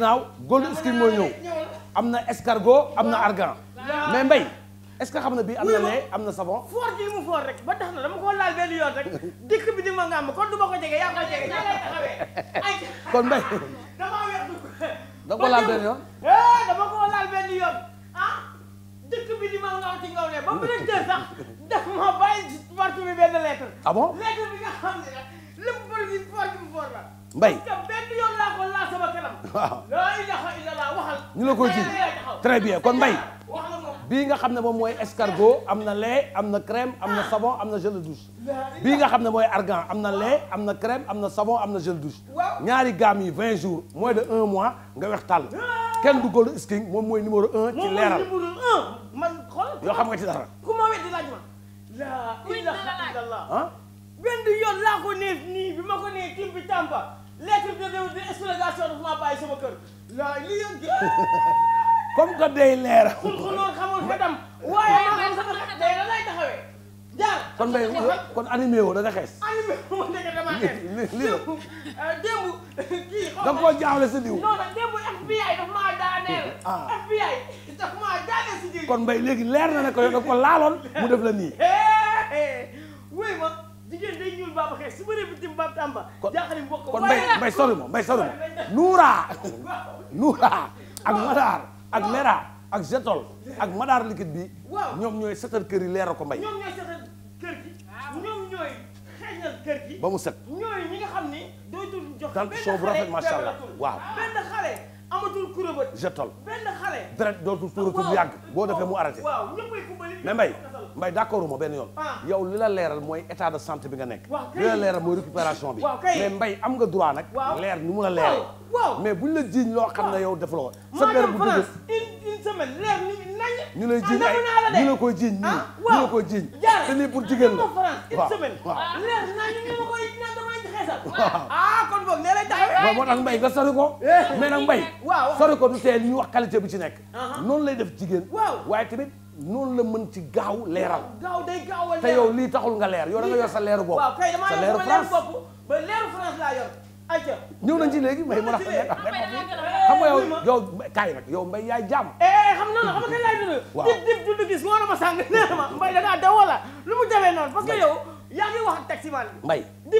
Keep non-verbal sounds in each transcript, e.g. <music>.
ginnaaw gold skin mooy ñëw am na escargot am na argan mais mbay est-ce que xam na bii am na lait am na savon. foor gi mu foor rek ba tax na dama ko laal benn yoon rek dikk bi di ma ngàmm kon du ma ko jege yaa ko jege yaa lay taxawee. kon mbay. dama weex du da ko laal benn yoon. Eh, dama ko laal benn yoon ah bi di ma ngàmm ci ngaw ne ba directeur sax daf ma bàyyi ci porte bi benn lettre. ah bon bi nga xam ne nag lépp bëri foor gi mu foor mbay benn yoon laa ko laa sama kanam waaw laa ilaha waxal ñu la koy ci très bien kon mbay bii nga xam ne moom mooy escargo am na le am na crème am na savon am na gel douche bi nga xam ne mooy argan am na le am na crème am na savon am na gel douche ñaari gamme yi 20 jours moins de un mois nga wex ah. kenn du gold skin moom mooy numéro un ci leeral man xool yoo xam nga ci dara ku ma laa ilaha ah? benn yoon laa ko bi ma ko nee timbi tàmba lettre de maa bàyyi sama kër. la li yëg <laughs> comme que day leer. xul xuloon kon day kon animé woo euh, da jaawle si diw. non non maa daaneel. Ah. FBI dafa maa daaneel si diw. kon mbay léegi leer na ne ko yow ko laaloon mu def la nii. jigéen day ñuul baaba xees su bëree bitim baab tàmba. jaaxle mbokk kon mbay mbay sori ma mbay sori ma ak madaar ak lera ak jetol ak madaar liquide bi. ñoom ñooy setal kër yi leera ko mbay. ñoom ñooy setal kër ba mu set ñooy ñi nga xam ni. dootul jox benn xale bu rafet macha waaw amatul kurébët jetol benn xale deret dootul tuuratul boo defee mu arrêté waaw ñëppay mbay mbay d'accord uma benn yoon ah. yow li la leeral mooy état de santé bi nga nekk li la leeral mooy récupération bi mais mbay am nga droit nag leer ñu mun a leeral mais buñ la jiiñ loo xam ne yow def la ko sa der bu dugg une semaine leer ni nañ ñu lay jiiñ ah, ay ñu la koy jiiñ ah, ñu la koy jiiñ te pour jigéen la waaw waaw ah kon boog nee lay taxawee. moo tax mbay nga sori ko. Eh. mais mbay. waaw ko du tee li ñuy wax qualité bi ci nekk. Uh-huh. noonu lay def jigéen. waaw waaye tamit noonu la mën ci gaaw leeral. gaaw day gaaw a leeral te yow lii taxul nga leer yow da nga yor sa leeru bopp. waaw kay damaa yor sama leeru bopp ba leeru France laa yor. ayca ñëw mbay mu rafetlu rek xam yow yow kaay yow mbay yaay jàmm. Eh, eh, xam na la xam nga kañ laay dund. <laughs> waaw dib dib dund gis moo na ma sàng nee na ma mbay da ngaa daw wala lu mu demee noonu parce que yow yaa ngi wax ak taximan mbay di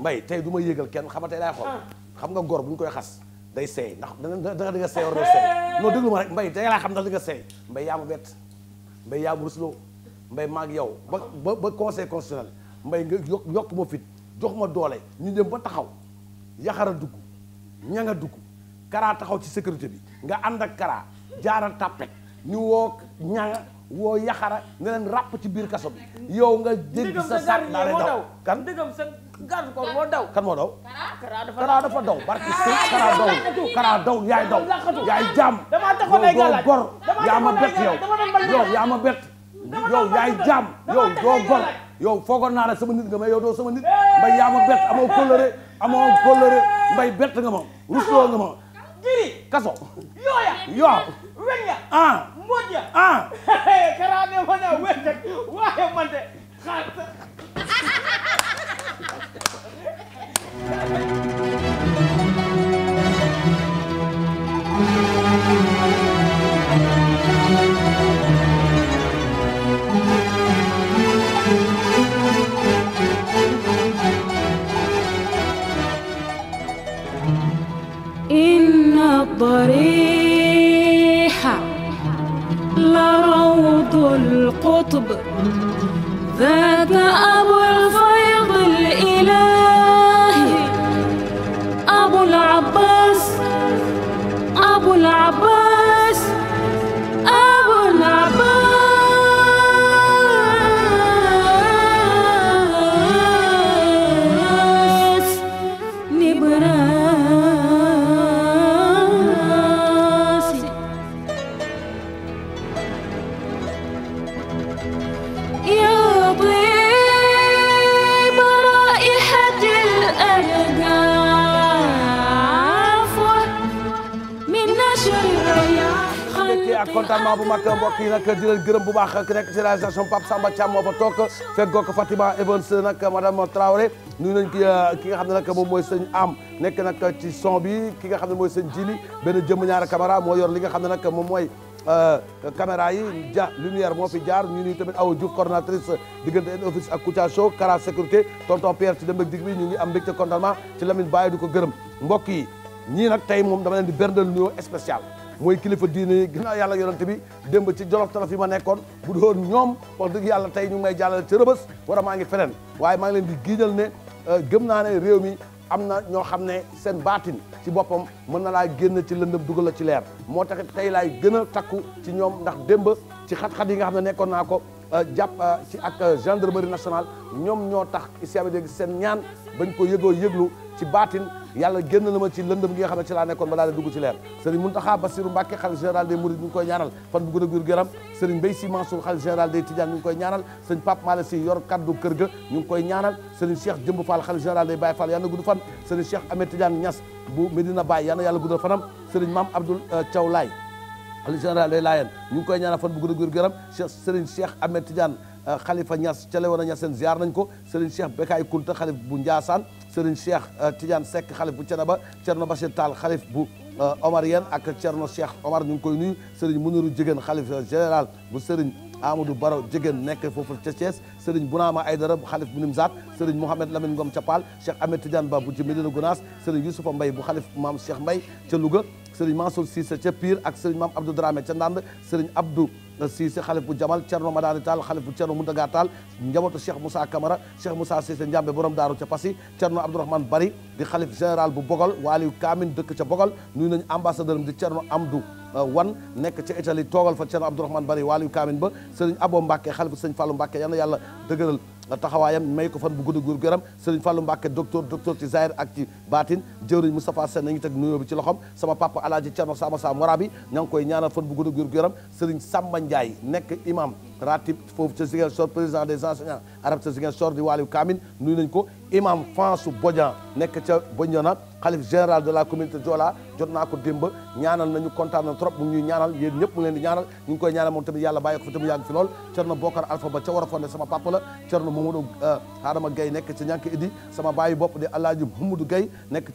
mbay tey du ma yéegal kenn xam nga tey laay ah. xam nga góor bu ñu koy xas day seey ndax danga danga di nga seey war doo seey non déglu ma rek mbay tey laa xam ndax di nga seey mbay yaa ma bett mbay yaa ma rusloo mbay maag yow ba ba ba conseil constitutionnel mbay nga yokk yokk ma fit jox ma doole ñu dem ba taxaw yaxara dugg ña nga dugg karaa taxaw ci sécurité bi nga ànd ak karaa jaaral tàppet ñu woo ña woo yaxara nga leen ràpp ci biir kaso bi yow nga dégg sa sac daal daw kan dëggam sa garde corps moo daw kan moo daw karaa dafa daw barki sëy karaa daw karaa daw yaay daw yaay jaam yow doo gor yaa ma bett yow yow yaa ma bett yow yaay jaam yow doo gor yow foogoon naa ne sama nit nga mais yow doo sama nit mbay yaa ma bett amoo kóllëre amoo kóllëre mbay bett nga ma rusloo nga ma kaso yooya yoow boot ya ah karaane ma ne wéccëg waaye man de Buddy. القطب ذاك أبو الفيض الإلهي أبو العباس أبو العباس événement bu mag mbokk yi nag gërëm bu baax ki nekk ci réalisation Pape Samba Thiam moo fa toog fekk goog Fatima Evans nag madame Traoré nuyu nañ euh, ki nga xam ne nag moom mooy sëñ am nekk nag ci son bi ki nga xam ne mooy sëñ jili benn jëmm ñaari caméra moo yor li nga xam ne nag moom mooy euh, caméra yi ja lumière moo fi jaar ñu nuyu tamit Awa Diouf coordonnatrice diggante en office ak Kouthia Show Kara sécurité tonton Pierre ci dem ak dig bi ngi am mbégte contentement ci Lamine Baye di ko gërëm mbokk yi ñii nag tey moom dama di berndal nuyoo spécial mooy kilifa diine yi ginnaaw yàlla yonante bi démb ci jolof tolof fi ma nekkoon bu doon ñoom wax dëgg yàlla tey ñu may jàllale ci rëbës wala maa ngi feneen waaye maa ngi leen di giiñal ne euh, gëm naa ne réew mi am na ñoo xam ne seen baatin ci boppam mën na laa génn ci lëndëm dugal la ci leer moo tax tey laay gën a takku ci ñoom ndax démb ci xat-xat yi nga xam ne nekkoon naa ko euh, jàpp euh, ci ak gendarmerie national ñoom ñoo tax ici avec seen ñaan bañ ko yëgoo yëglu ci baatin yàlla génn na ma ci lëndëm gi nga xam ne ci laa nekkoon ba daal di dugg ci leer Serigne Mountakha Bassirou Mbacké xalif général des Mourides ñu ngi koy ñaanal fan bu gën a guur gëram Serigne Mbaye Sy Mansour xalif général des Tidianes ñu ngi koy ñaanal Serigne Pape Malick Sy yor kaddu kër ga ngi koy ñaanal fan Serigne bu Medina Baye yàlla na yàlla guddal fanam Serigne Mame Abdoul euh, a guur gëram Cheikh Serigne Cheikh Ahmed Tidiane euh, xalifa Niass ca lewoon a Niassène ziar nañ ko Serigne Cheikh Bekaay Kunta xalif bu Ndiassane Serigne Cheikh euh, Tidiane sekk xalif bu Thiénaba Thierno Bachir Tall xalif bu euh, Omar Yen ak Thierno Cheikh Omar ñu ngi koy nuyu Serigne Mouniru Jigéen xalif euh, général bu Serigne Amadou Baro Jigéen nekk foofu ca Thiès Serigne Bounama Aydara xalif bu Nimzaat Serigne Mouhamed Lamine Ngom ca Paal Cheikh Ahmed Tidiane Ba bu ci Medina Gounass Serigne Youssoufa Mbaye bu xalif maam Cheikh Mbaye ca Louga Serigne Mansour Cissé ca Pire ak Serigne maam Abdou Dramé ca Ndande seriñ Abdou Cissé xalif bu Jamal Thierno Madani taal xalif bu Thierno Mountaga Tall njabootu Cheikh Moussa Camara Cheikh Moussa Cissé Ndiambe borom daaru ca Passy Thierno Abdourahmane Bari di xalif général bu Bogol Waliou Kamin dëkk ca Bogol nuyu nañ ambassadeur di Thierno Amdou Euh, wan nekk ca Italie toogal fa Thierno Abdourahmane Bari waaliyu kaamin ba sëriñ Abo Mbacke xalifa sëriñ Fallou Mbacke yal na yàlla dëgëral euh, taxawaayam may ko fan bu gudd guur gëram sëriñ Fallou Mbacke docteur docteur ci Zahir ak ci baatin jëwriñ Moustapha Sène nañu teg nuyoo bi ci loxom sama papa alaaji Thierno Sama Sa Morabi ña ngi koy ñaanal fan bu gudd guur gëram sëriñ Samba Ndiaye nekk imam ratib foofu ca Ziguinchor président des enseignants arabes ca Ziguinchor di Waliou Kamil nuyu nañ ko imam Fansu Bodian nekk ca Bodiana xalif général de la communauté Joola jot naa ko démb ñaanal nañu kontaan trop mu ñuy ñaanal yéen ñëpp mu leen di ñaanal ñu koy ñaanal moom tamit yàlla bàyyi ko fi tamit yàgg fi lool Cerno Bokar Alpha ca war a fonde sama papa la Cerno Mamadou euh, Adama Gaye nekk ca ñànk idi sama bàyyi bopp di Alaaji Mamadou Gaye nekk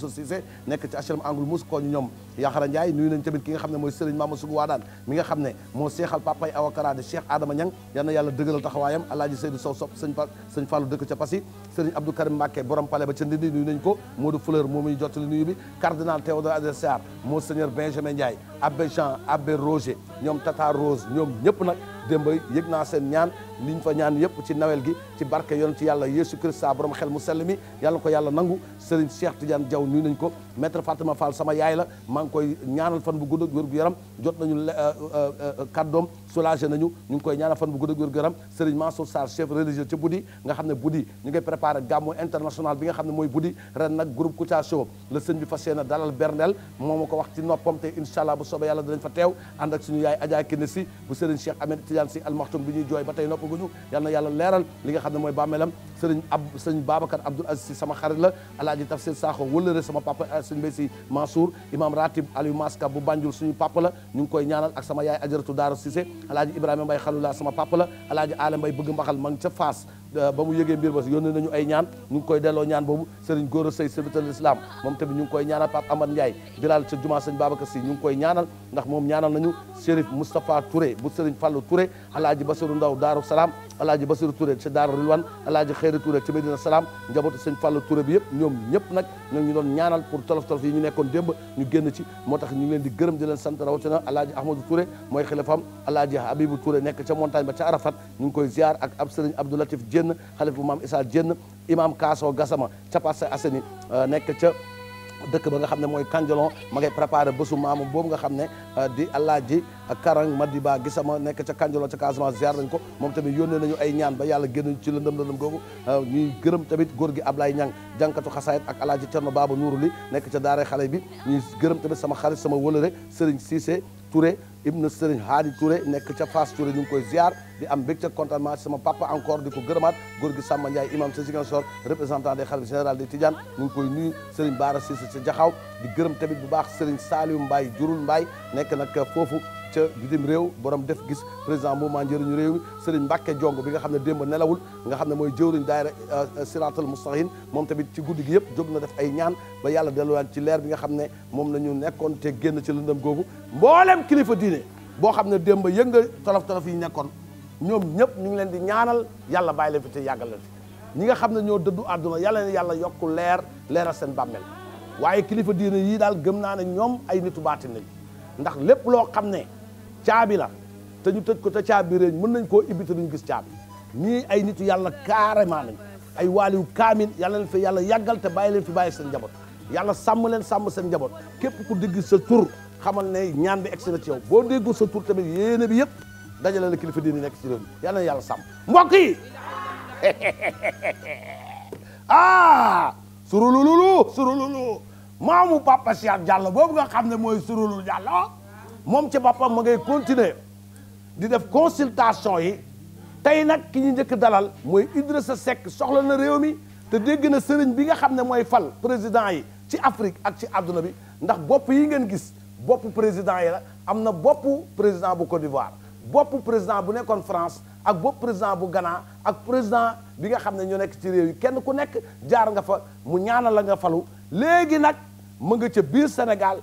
Bousso Cissé nekk ci HLM Angle Mousse kooñu ñoom Yaxara Ndiaye nuyu nañ tamit ki nga xam ne mooy Serigne a Sugu Waadaan mi nga xam ne moo seexal papay awakara de Cheikh Adama Niang yal na yàlla dëgëral taxawaayam Alaaji Seydou Sow sopp sëñ Fall sëñ Fallu dëkk ca Passy Serigne Abdou Karim Mbacké borom palais ba ca Ndindi ko Modou Fleur moo muy jottali nuyu bi cardinal Théodore Adrien Monseigneur Benjamin Ndiaye abbé Jean abbé Roger ñoom Tata Rose ñoom ñëpp nag démb naa seen ñaan liñ fa ñaan yëpp ci nawel gi ci barke yoon ci yàlla Yeesu Christa borom xel mu sell mi yàlla ko yàlla nangu Serigne Cheikh Tidiane Diaw nuyu nañ ko maître Fatima Fall sama yaay la maa ngi koy ñaanal fan bu gudd ak wér gu yaram jot nañu euh, euh, euh, kàddoom soulagé nañu ñu ngi koy ñaanal fan bu gudd ak wér gu yaram Serigne Mansour Sarr chef religieux ci Budi nga xam ne Budi ñu ngi préparé gàmmu international bi nga xam ne mooy Budi ren nag groupe Kouthia Show la sëñ bi fas yéene dalal berndeel moo ma ko wax ci noppam te incha allah bu soobee yàlla dinañ fa teew ànd ak suñu yaay Adja Kinesi bu Serigne Cheikh Ahmed Tidiane si almaxtum bi ñuy jooy ba tey nopp xamaguñu yal yàlla leeral li nga xam ne mooy bàmmeelam sëriñ ab sëriñ Babacar Abdoul Aziz si sama xarit la alaaji tafsir Sakho wëlëre sama papa eh, sëriñ Mbay si Mansour imam ratib Aliou Maska bu Banjul suñu papa la ñu ngi koy ñaanal ak sama yaay ajaratu Daara Cissé alaaji Ibrahima Mbay la sama papa la alaaji Aale Mbay bëgg mbaxal ma ngi ca fas Euh, ba mu yëgee mbir ma si yónnee nañu ay ñaan ñu ngi koy delloo ñaan boobu sëriñ Gora Seye serviteur l'islam moom tamit ñu ngi koy ñaanal Pape Amad Ndiaye Bilal sa jumaa ngi koy ñaanal ndax moom ñaanal nañu Chérif Moustapha Touré bu sëriñ Fallou Touré alaaji Basiru Ndaw Daaru Salaam alaaji Basiru Touré ci Daaru Rilwan alaaji Xeyri Touré ci Medina Salaam njabootu sëñ Fallou Touré bi yëpp ñoom ñëpp nag ñoo ñu doon ñaanal pour tolof tolof ñu nekkoon démb ñu génn moo tax ñu ngi leen di gërëm di leen sant rawatina alaaji Ahmadou Touré mooy xilifam alaaji Habibou Touré nekk ca montagne ba ca Arafat ñu ngi koy ziar ak ab sëriñ Abdoulatif Dieng xalif bu maam Issa Dieng imam Kaaso Gassama ca Parcelles Assainies euh, nekk ca dëkk ba nga xam ne mooy Kanjolon ma ngay ba bésu maamu boobu nga xam ne euh, di Alaaji Karang baa Gassama nekk ca Kanjolon ca Casamance ziar nañ ko moom tamit yónnee nañu ay ñaan ba yàlla génn ci lëndëm lëndëm googu euh, ñuy gërëm tamit góor gi Ablaye Ñang jànkatu xasaayit ak Alaaji Cerno Baaba Nuuru li nekk ca daare xale bi ñuy gërëm tamit sama xarit sama wëlëre Serigne Cissé Touré ibnu Serigne Hadi Touré nekk ca Fass Touré ñu ngi koy ziar di am mbégte contentement sama papa encore di ko gërëmaat góor gi Samba Ndiaye imam sa Ziguinchor représentant des général des Tidiane ñu ngi koy nuyu Serigne Bara Cissé sa Jaxaw gërëm tamit bu baax Serigne Saliou Mbaye Jurul Mbaye nekk nag foofu ca bitim réew borom def gis président maa njëriñu réew mi Serigne Mbacke Jong bi nga xam ne démb nelawul nga xam ne mooy jëwriñ daayira euh, siratal mustaqim moom tamit ci guddi gi yëpp jóg na def ay ñaan ba yàlla delluwaat ci leer bi nga xam ne moom la ñu nekkoon te génn ci lëndëm googu mboolem kilifa diine boo xam ne démb yëg nga tolof-tolof yi nekkoon ñoom ñëpp ñu ngi leen di ñaanal yàlla bàyyi leen fi te yàggal leen fi ñi nga xam ne ñoo dëddu àdduna yàlla na yàlla yokku leer leeral seen bàmmeel waaye kilifa diine yii daal gëm naa ne ñoom ay nitu baatin ndax lépp loo xam ne caabi la te ñu tëj ko te caabi réeñ mën nañ ko ibbi te duñu gis caabi ñii ay nitu yàlla carrément nañ ay waaliw kaamin yàlla leen fi yàlla yàggal bàyyi leen fi bàyyi seen njaboot yàlla sàmm leen sàmm njaboot képp ku dégg sa tur xamal ne ñaan bi egsi na ci yow boo déggul sa tur tamit yéene bi yëpp dajale na kilifa diini nekk ci réew mi yàlla na yàlla sàmm mbokk <laughs> ah maamu papa Cheikh Diallo boobu nga xam ne mooy surululu Diallo moom ci boppam ma ngay continuer di def consultation yi tey nag ki ñu njëkk dalal mooy sa Seck soxla na réew mi te dégg na sëriñ bi nga xam ne mooy fal président yi ci Afrique ak ci àdduna bi ndax bopp yi ngeen gis bopp président yi la am na bopp président bu Côte d'Ivoire bopp président bu nekkoon France ak bopp président bu Ghana ak président bi nga xam ne ñu nekk ci réew yi kenn ku nekk jaar nga fa mu ñaanal la nga falu léegi nag mu nga ca biir Sénégal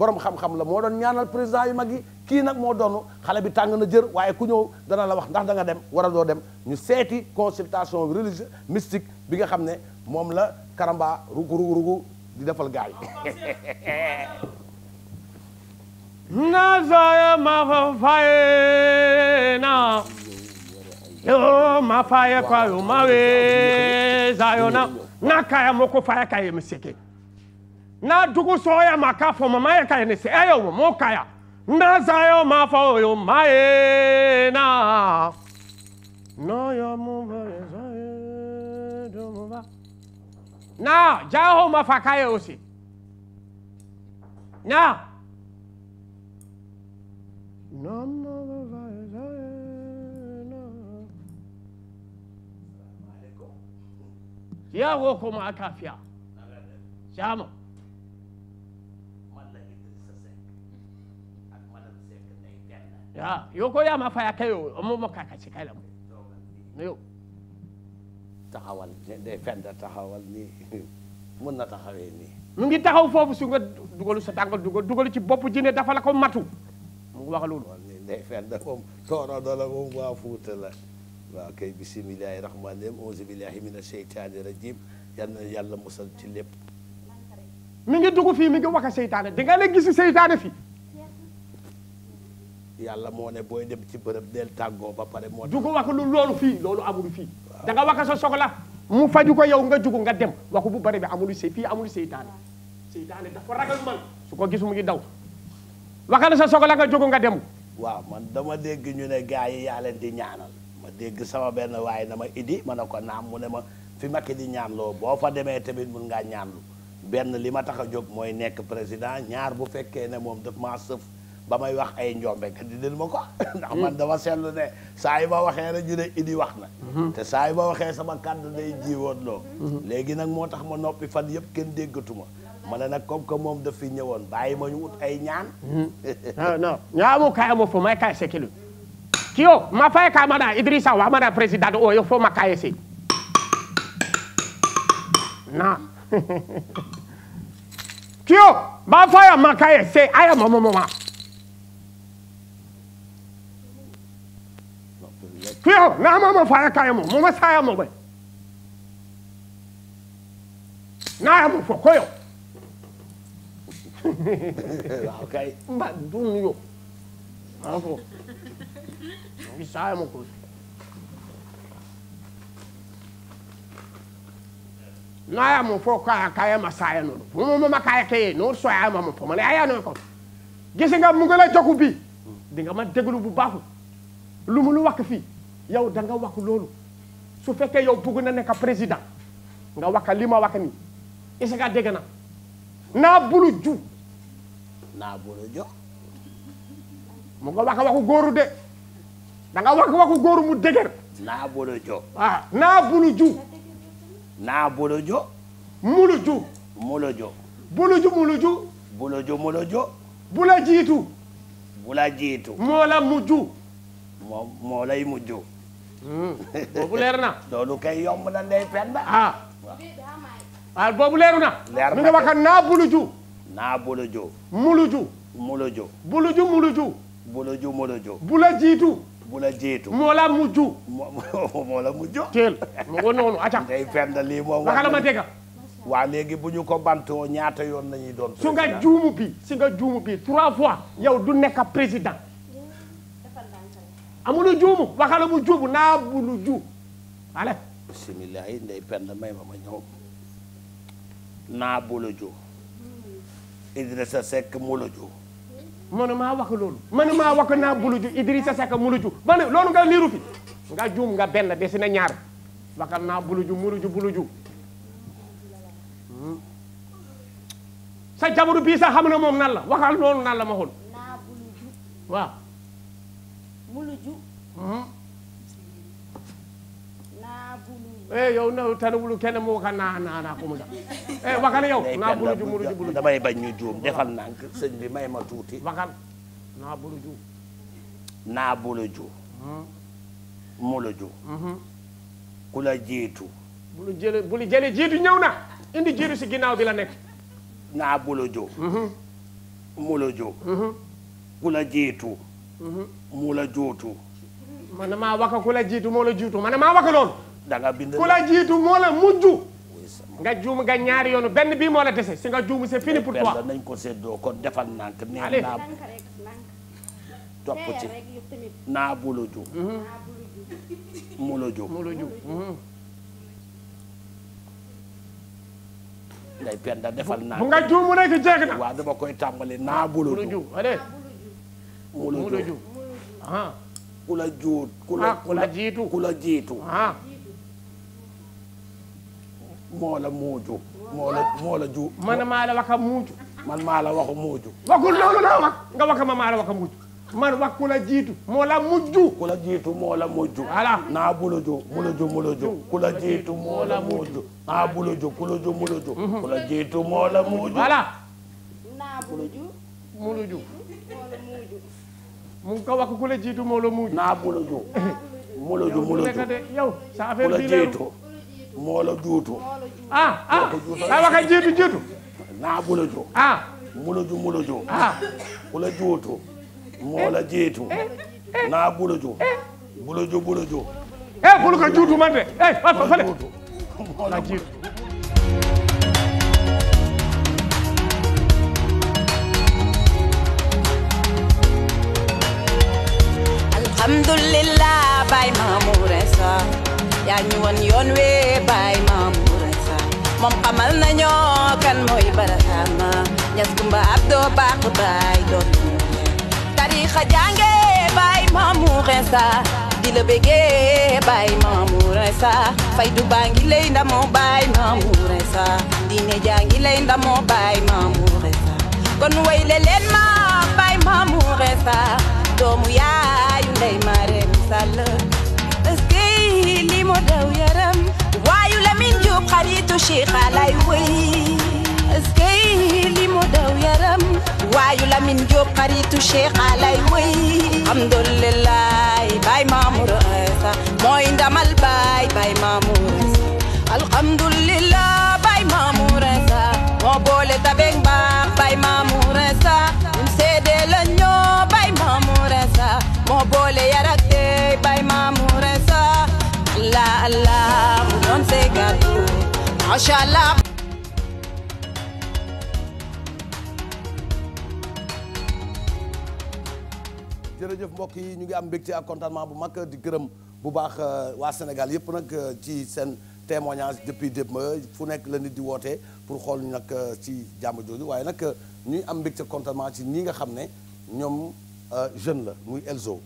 borom xam-xam la moo doon ñaanal président yu mag kii nag moo doon xale bi tàng na jër waaye ku ñëw dana la wax ndax danga dem war a doo dem ñu seeti consultation religieuse mystique bi nga xam ne moom la karamba rugu rugu rugu di defal gaay <laughs> na soya ma faye na ma we zayo na na kaya moko faye kaya misike Nadugu soya makafo mamaye kaya se ayo eh, mo kaya. Ndazayo mafo yo mae na. No yo mumba zaye do mumba. Na jaho mafakaye osi. Na. No mumba zaye na. Ya wo kuma akafia. Shamo. ya yoko ya mafaya kai amma maka kace kai lamu yo taxawal day fenn taxawal ni <laughs> mën na taxawee nii mu ngi taxaw foofu su nga dugalu sa tàngal dugal dugalu ci bopp jine dafa la ko matu mu ngi wax loolu day fenn moom soora doola moom waa fuuta la waaw kay bisimilahi rahmaani rahim auzu billahi mina seytaani rajim yal ci lépp mi ngi dugg fii mi ngi wax seytaane di nga la gisi seytaane fii yàlla moo ne booy dem ci bërëb del tàggoo ba pare moo jugu wax lu loolu fii loolu amul fii danga nga wax sa soxla mu faju ko yow nga jugu nga dem waxu bu bëri bi amul sey fii amul seytaane seytaane dafa ragal su ko gis mu ngi daw waxal sa soxla nga jugu nga dem waaw man dama dégg ñu ne gars yi yaa leen di ñaanal ma dégg sama benn waaye na ma idi ma ne ko naam mu ne ma fi Macky di ñaanloo boo fa demee tamit mun ngaa ñaanlu benn li ma tax a jóg mooy nekk président ñaar bu fekkee ne moom daf maa sëf ba may wax ay njombe ka di dil ma ko hmm. ndax man dama seetlu ne saa yi ma waxee rek ñu wax na hmm. te saa yi ma waxee sama kàddu day jiwoon loo hmm. léegi nag moo tax ma noppi fan yëpp kenn déggatuma ma ne nag comme que moom daf fi ñëwoon bàyyi ma ñu ut ay ñaan <laughs> non ñaamu kayamo fo may kay sekilu kiyo ma fay ka mana idrissa wa mana président o yo fo ma kaye si na <laughs> kiyo ma faya ma kaye se aya momo moma 수영 나만 뭐 봐야 가야 뭐 뭐만 사야 뭐 봐. 나야 뭐 보고요. 오케이. 마 눈요. 하고 여기 사야 먹고. 나야 뭐 보고야 가야 마 사야 노. 뭐뭐뭐 가야 게노 소야 마 뭐. 뭐 아야 노 거. gis nga mu ngi lay joku bi di nga ma déglu bu baax lu mu lu wax fii yow da nga wax loolu su fekkee yow bugg na nekk président nga waka li ma waka ni est-ce que dégg na naa bulu ju naa bulu ju mu nga waka waxu góoru de da nga waka waxu góoru mu dëgër naa bulu ju ah naa bulu ju naa bulu ju mulu ju mulu ju bulu ju mulu ju bulu ju mulu ju bula jiitu bula jiitu moo la mujju moo moo lay mujju Hmm. boobu leer na. loolu kay yomb na ndey pen ba. ah waaw ah, boobu leeru na. leer na mi nga wax naa buluju. naa buluju. muluju. muluju. buluju muluju. buluju muluju. bula jiitu. jiitu. moo la mujju. <laughs> moo la mu teel mu ngoon noonu acca. ndey pen da lii moom. waxala ma dégg waaw léegi bu ñu ko bantoo ñaata yoon la ñuy doon. su nga juumu bi su nga juumu bi trois fois. yow du nekk président. amulu juumu waxala mu juubu naa bulu ju ale bisimilah yi ndey pend may ma ma ñëw naa bulu ju Idrissa Seck mulu ju mënumaa wax loolu naa bulu ju Idrissa Seck mulu ju ba ne loolu nga liiru nga juum nga benn desi na ñaar waxal naa bulu ju mulu hmm. sa jabaru bii sax xam na moom nan la waxal loolu nan la ma muluju hmm? naabulu eh yow na tanawulu kenn mu wax naa naa naa ko mu da eh yow naa buluju muluju buluju damay bañ ñu juum defal nank sëñ bi may ma tuuti waxal naa buluju naa buluju hmm? muluju hmm? ku la jiitu bulu jiitu ñëw na indi jiitu si ginnaaw bi la nekk naa buluju muluju ku la jiitu moo la jootu. man maa waka ku la jiitu moo la jiitu man maa waka loolu. da nga bind ku la nga juum nga yoonu benn bii moo la dese si nga juum c'est fini pour toi. nañ ko séddoo kon defal nànk nee naa topp ci naa mhm. mhm. defal na waaw dama naa ku la juut ku la ku la jiitu ku la jiitu moo la muuju moo la moo la ju man maa la waka muuju man maa la waxu muuju waxul loolu la wax nga waka ma maa la waka muuju man wax ku la jiitu moo la mujju ku la jiitu moo la mujju voilà naa buluju muluju muluju ku la jiitu moo la mujju naa buluju kuluju muluju ku la jiitu moo la mujju voilà naa buluju muluju mu ngi ko wax ku la jiitu moo muuj naa mu la ju mu la ju la ju yow sa affaire bi la jiitu moo la ah, ah, jiitu naa mu la ju ah. ku la juutu moo jiitu eh, eh, naa mu la ju eh. mu la ju mu la ju jiitu alhamdulillah baay Mamour Insa yaa ñu yoon wi baay Mamour Insa moom xamal nañoo kan mooy Barahama ñas kumba abdoo baax baay doon tariixa jànge baay Mamour Insa di la bëggee baay Mamour Insa faydu baa ngi lay ndamoo baay Mamour Insa diine jaa ngi lay ndamoo baay Mamour Insa kon wayle leen ma baay Mamour Insa doomu yaayu waayu Lamine Diop xaritu Cheikh Alay Alay wëy alhamdulillah Baye Mamour Insa mooy boole tabeeg mbaax Baye Mamour Insa moo boole yar ak bay Mamour Insa allah allah mu doon say gàddu macha allah jërëjëf mbokk yi ñu ngi am mbégte ak contentement bu mag di gërëm bu baax euh, waa Sénégal yëpp nag euh, ci seen témoignage depuis démb fu nekk la nit di wootee pour xool nag euh, ci jàmm jooju waaye nag ñuy am mbégte contentement ci ñi nga xam ne ñoom jeune la muy Elzo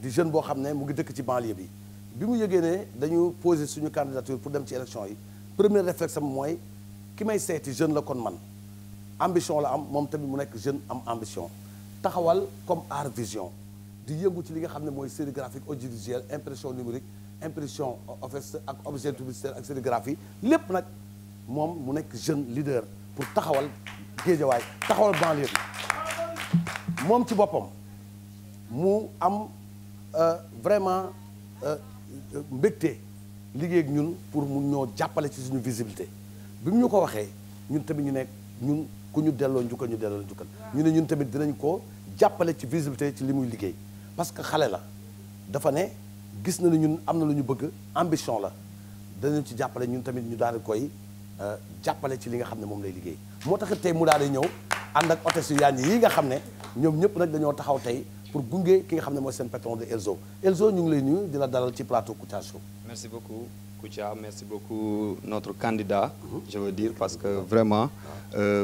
di jeune boo xam ne mu ngi dëkk ci banlieue bi bi mu yëgee ne dañu posé suñu candidature pour dem ci élection yi premier réflexe am mooy ki may seeti jeune la kon man ambition la am moom tamit mu nekk jeune am ambition taxawal comme art vision di yëngu ci li nga xam ne mooy sérigraphique audiovisuel impression numérique impression office ak objet publicitaire ak sérigraphie lépp nag moom mu nekk jeune leader pour taxawal géejawaay taxawal banlieue ci boppam Euh, vraiment euh, euh, mbégte liggéey ñun pour mu ñoo jàppale ci suñu visibilité bi mu ñu ko waxee ñun tamit ñu nekk ñun ku ñu delloo njukkal ñu delloo njukkal ñu ne ñun tamit dinañ ko jàppale ci visibilité ci li muy liggéey parce que xale la dafa ne gis na ni ñun am na lu ñu bëgg ambition la danañ ci jàppale ñun tamit ñu daal di koy jàppale ci li nga xam ne moom lay liggéey moo tax tey mu daal di ñëw ànd ak hôtesse yi yaan yi nga xam ne ñoom ñëpp nag dañoo taxaw tey pour gunge ki nga xam ne mooy seen patron de Elzo Elzo ñu ngi di la dalal ci plateau Kouthia Show. merci beaucoup Kouthia merci beaucoup notre candidat. Mhm. je parce que vraiment.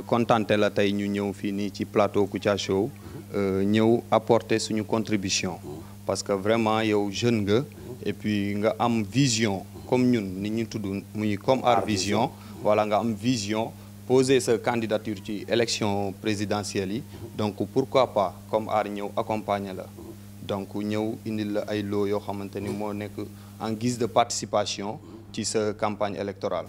kontante euh, la tey ñu ñëw fii nii ci plateau Kouthia Show. Mhm. Euh, ñëw apporter suñu contribution. Mhm. parce que vraiment yow jeune nga. et puis nga am vision. comme ñun nit ñu tudd muy comme Art Vision. voilà nga am vision. poser sa candidature ci élection présidentielle yi donc pourquoi pas comme aar ñëw accompagner la donc ñëw indi la ay loo yoo xamante ni moo nekk en guise de participation ci sa campagne électorale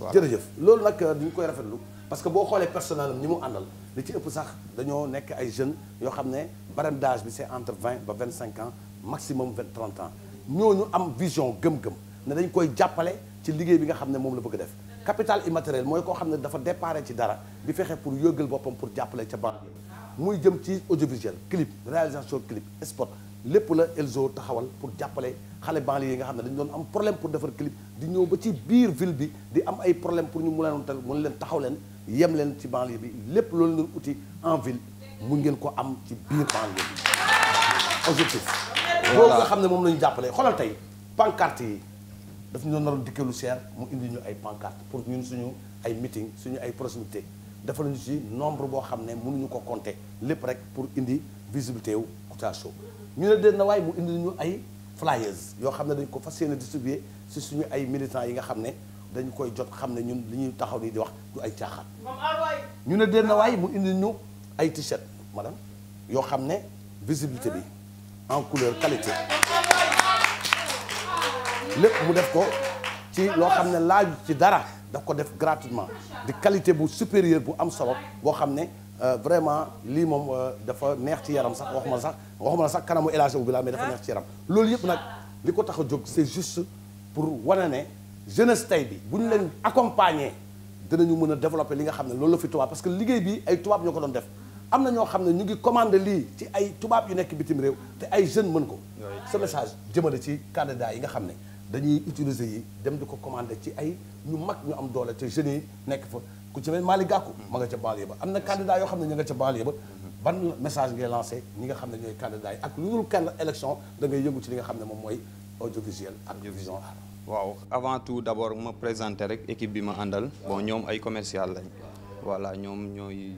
voilà jërëjëf loolu nag euh, ñu koy rafetlu parce que boo xoolee personnel am ñi mu àndal li ci ëpp sax dañoo nekk ay jeunes yoo xam ne barème d'âge bi c'est entre 20 ba 25 ans maximum 20 30 ans ñu am vision gëm-gëm ne dañ koy jàppale ci liggéey bi nga xam ne moom la bëgg def capital immatériel mooy koo xam ne dafa déparé ci dara di fexe pour yóggal boppam pour jàppale ca banque muy jëm ci audiovisuel clip réalisation clip sport lépp la Elzo taxawal pour jàppale xale banlieue yi nga xam ne dañu doon am problème pour defar clip di ñëw ba ci biir ville bi di am ay problème pour ñu mu a mun leen taxaw leen yem leen ci banlieue bi lépp loolu leen uti en ville mu ngeen ko am ci biir banlieue bi. objectif boobu nga xam ne moom la ñu jàppale xoolal tey pancarte yi. daf ñu noonu naroon dikkee lu cher mu indi ñu ay pancarte pour ñun suñu ay meeting suñu ay proximité dafa lañu ci nombre boo xam ne mënuñu ko compter lépp rek pour indi visibilité wu Kouthia ñu ne déet na mu indi ñu ay flyers yoo xam ne dañ ko fas yéene distribuer si suñu ay militants yi nga xam ne dañu koy jot xam ne ñun li ñuy taxaw nii di wax ay caaxaan ñu ne déet na waaye mu indi ñu ay t-shirt madame yoo xam ne visibilité bi en couleur qualité lépp mu def ko ci loo xam ne laaj ci dara daf ko def gratuitement di qualité bu supérieure bu am solo boo xam ne euh, vraiment lii moom euh, dafa neex ci yaram sax wax waxuma sax wax la sax kanamu élage bu bi la mais dafa neex ci yaram loolu yëpp nag li ko tax a jóg c'est juste pour wane ne jeunesse tey bi bu ñu leen accompagner dinañu mën a développer li nga xam ne loolu la fi tubaab parce que liggéey bi ay tubaab ñoo ko doon def am na ñoo xam ne ñu ngi commandé lii ci ay yu nekk bitim réew te ay jeunes mën ko ce message jëmale ci candidat yi nga xam ne dañuy utiliser yi dem di ko commandé ci ay ñu mag ñu am doole te jeunes nekk fa ku ci mel Malick Gakou ma nga ca banlieue ba am na candidat yoo xam ne ña nga ca banlieue ba ban message ngay lancé nga xam ne ñooy candidat yi ak lu dul kenn élection da ngay nga xam ne moom mooy audiovisuel ak vision art waaw avant tout d'abord ma présenté rek équipe bi ma àndal bon ñoom ay commercial lañ voilà ñoom ñooy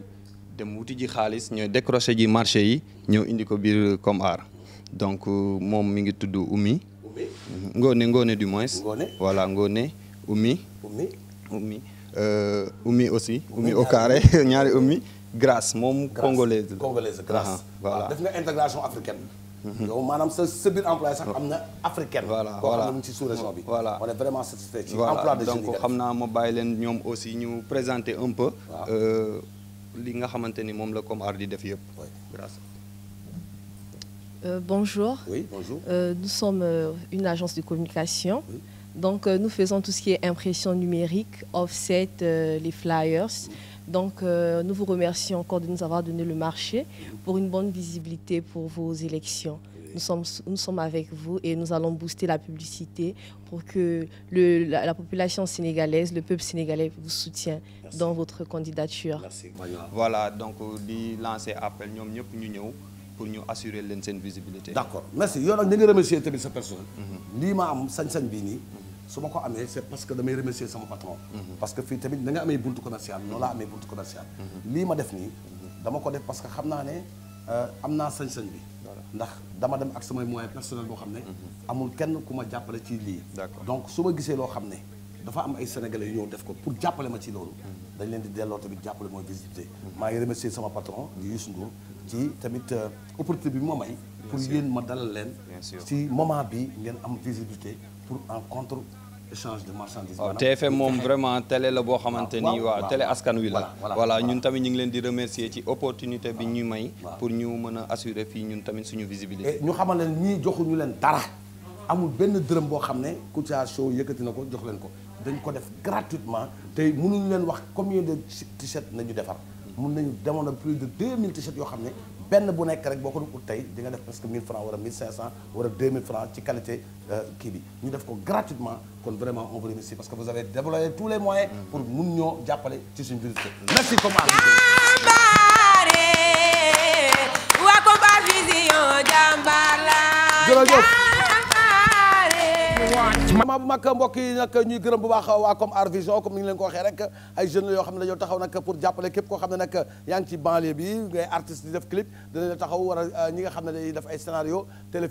dem wuti ji xaalis ñooy décroché ji marché yi ñoo indi ko biir comme art donc euh, moom mi ngi tudd Oumy bi Ngone Ngone du moins. Ngone voilà Ngone Oumy. Oumy Oumy. Euh, Oumy aussi. Oumy au carré <laughs> ñaari Oumy. Grace moom congolaise la congolaise Grace. voilà def nga intégration africaine. Mhm. yow maanaam sa sa biir emploi sax am na africaine. voilà voilà koo xam ne ci bi. voilà vraiment satisfait ci emploi de donc xam naa ma bàyyi leen ñoom aussi ñu présenter un peu. Euh, li nga xamante ni moom la comme art def yëpp. Euh, bonjour. Oui, euh, nous sommes euh, une agence de communication. Donc, euh, nous faisons tout ce qui est impression numérique, offset, les flyers. Donc, nous vous remercions encore de nous avoir donné le marché pour une bonne visibilité pour vos élections. Nous sommes, nous sommes, avec vous et nous allons booster la publicité pour que la, population sénégalaise, le peuple sénégalais vous soutienne dans votre candidature. pour ñu assurer leen seen visibilité. d' accord merci yow nag ñu remercier tamit sa personne. lii ma am sañ-sañ bii nii. su ma ko amee c' est parce que damay remercier sama patron. parce que fii tamit na nga amee buntu commercial noonu laa amee buntu commercial. lii ma def nii dama ko def parce que xam naa ne euh, am naa sañ-sañ bi. ndax dama dem ak samay moyen personnel boo xam ne. Mhm. amul kenn ku ma jàppale ci lii. donc su ma gisee loo xam ne. dafa am ay sénégalais yu def ko pour jàppale ma ci loolu. Mhm. dañ leen di delloo tamit jàppale mooy visiter. Mhm. maa ngi remercier sama patron di ci tamit euh, opportunité bi ma may pour ma dalal leen ci moment bi ngeen am visibilité pour en contre échange de marchandises waaw oh, TFM moom vraiment télé la boo xamante ni waaw télé askan wi la voilà ñun tamit ñu ngi leen di remercier ci opportunité bi ñu may pour ñu mën a assurer fii ñun tamit suñu visibilité ñu xamal leen ñii joxuñu leen dara amul benn dërëm boo xam ne Kouthia Show yëkkati na ko jox leen ko dañ ko def gratuitement te mënuñu leen wax combien de t-shirt nañu defar mun nañu demoon na plus de 2000 t-shirt yoo xam ne benn bu nekk rek boo ko doon ut tey di nga def presque 1000 francs wala 1500 wala 2000 francs ci qualité euh, kii ñu def ko gratuitement kon vraiment on vous parce que vous avez déployé tous les moyens mm. pour mun ñoo jàppale ci suñu visite merci comme jàmbaare waa Combat Vision jàmbaar la ma bu mag mbokk yi ñuy gërëm bu baax waa comme Art Vision comme ni ñu leen ko waxee rek ay jeunes yoo xam ne dañoo taxaw nag pour jàppale képp koo xam ne nag yaa ngi ci banlieue bi ngay artiste di def clip dinañ taxaw a euh, ñi nga xam ne dañuy dañ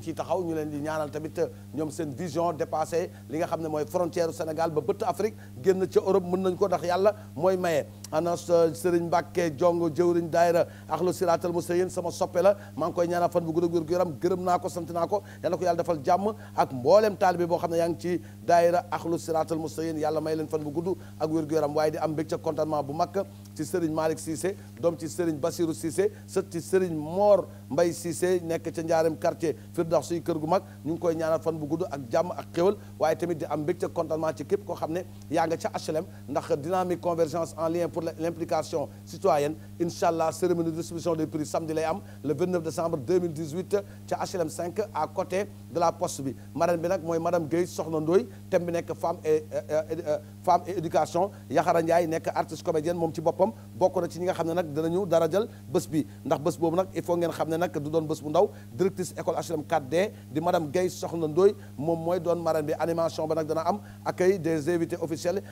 ciy ñu leen di ñaanal tamit ñoom seen vision dépassé li nga xam ne mooy frontière Sénégal ba bëtt Afrique génn ca Europe mën nañ ko ndax yàlla mooy maye ana Serigne Mbacke Jongo jëwriñ daayira axlu siraatal mustaqim sama soppe la maa ngi koy ñaanal fan bu gudd ak wér gu yaram gërëm naa ko sant naa ko yàlla ko yàlla defal jàmm ak mbooleem taalibe boo xam ne yaa ngi ci daayira axlu siraatal mustaqim yàlla may leen fan bu gudd ak wér gu yaram waaye di am mbégte contentement bu mag ci Serigne Malick Cissé doom ci Serigne Bassirou Cissé sët ci Serigne Mor Mbaye Cissé nekk ca Njaareem quartier Firdaws suy kër gu mag ñu ngi koy ñaanal fan bu gudd ak jàmm ak xéwal waaye tamit di am mbégte contentement ci képp koo xam ne yaa nga ca HLM ndax dynamique convergence en lien pour l'implication citoyenne incha allah cérémonie de distribution des prix samedi lay am le 29 décembre 2018 ca HLM 5 à côté de la poste bi marraine bi nag mooy madame Guèye Soxna Ndoye thème bi nekk femme et euh, euh, euh, femme et éducation Yaxara Ndiaye nekk artiste moom ci boppam boppam bokk na ci ñi nga xam ne nag danañu darajal bés bi ndax bés boobu nag il faut ngeen xam ne nag du doon bés bu ndaw directrice école HLM 4D di madame Guèye Soxna Ndoye moom mooy doon marraine bi animation ba nag dana am accueil des invités officiels